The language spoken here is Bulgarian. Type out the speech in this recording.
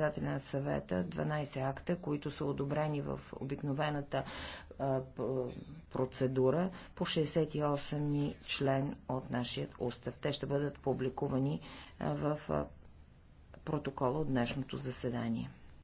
председателя на съвета 12 акта, които са одобрени в обикновената процедура по 68 член от нашия устав. Те ще бъдат публикувани в протокола от днешното заседание.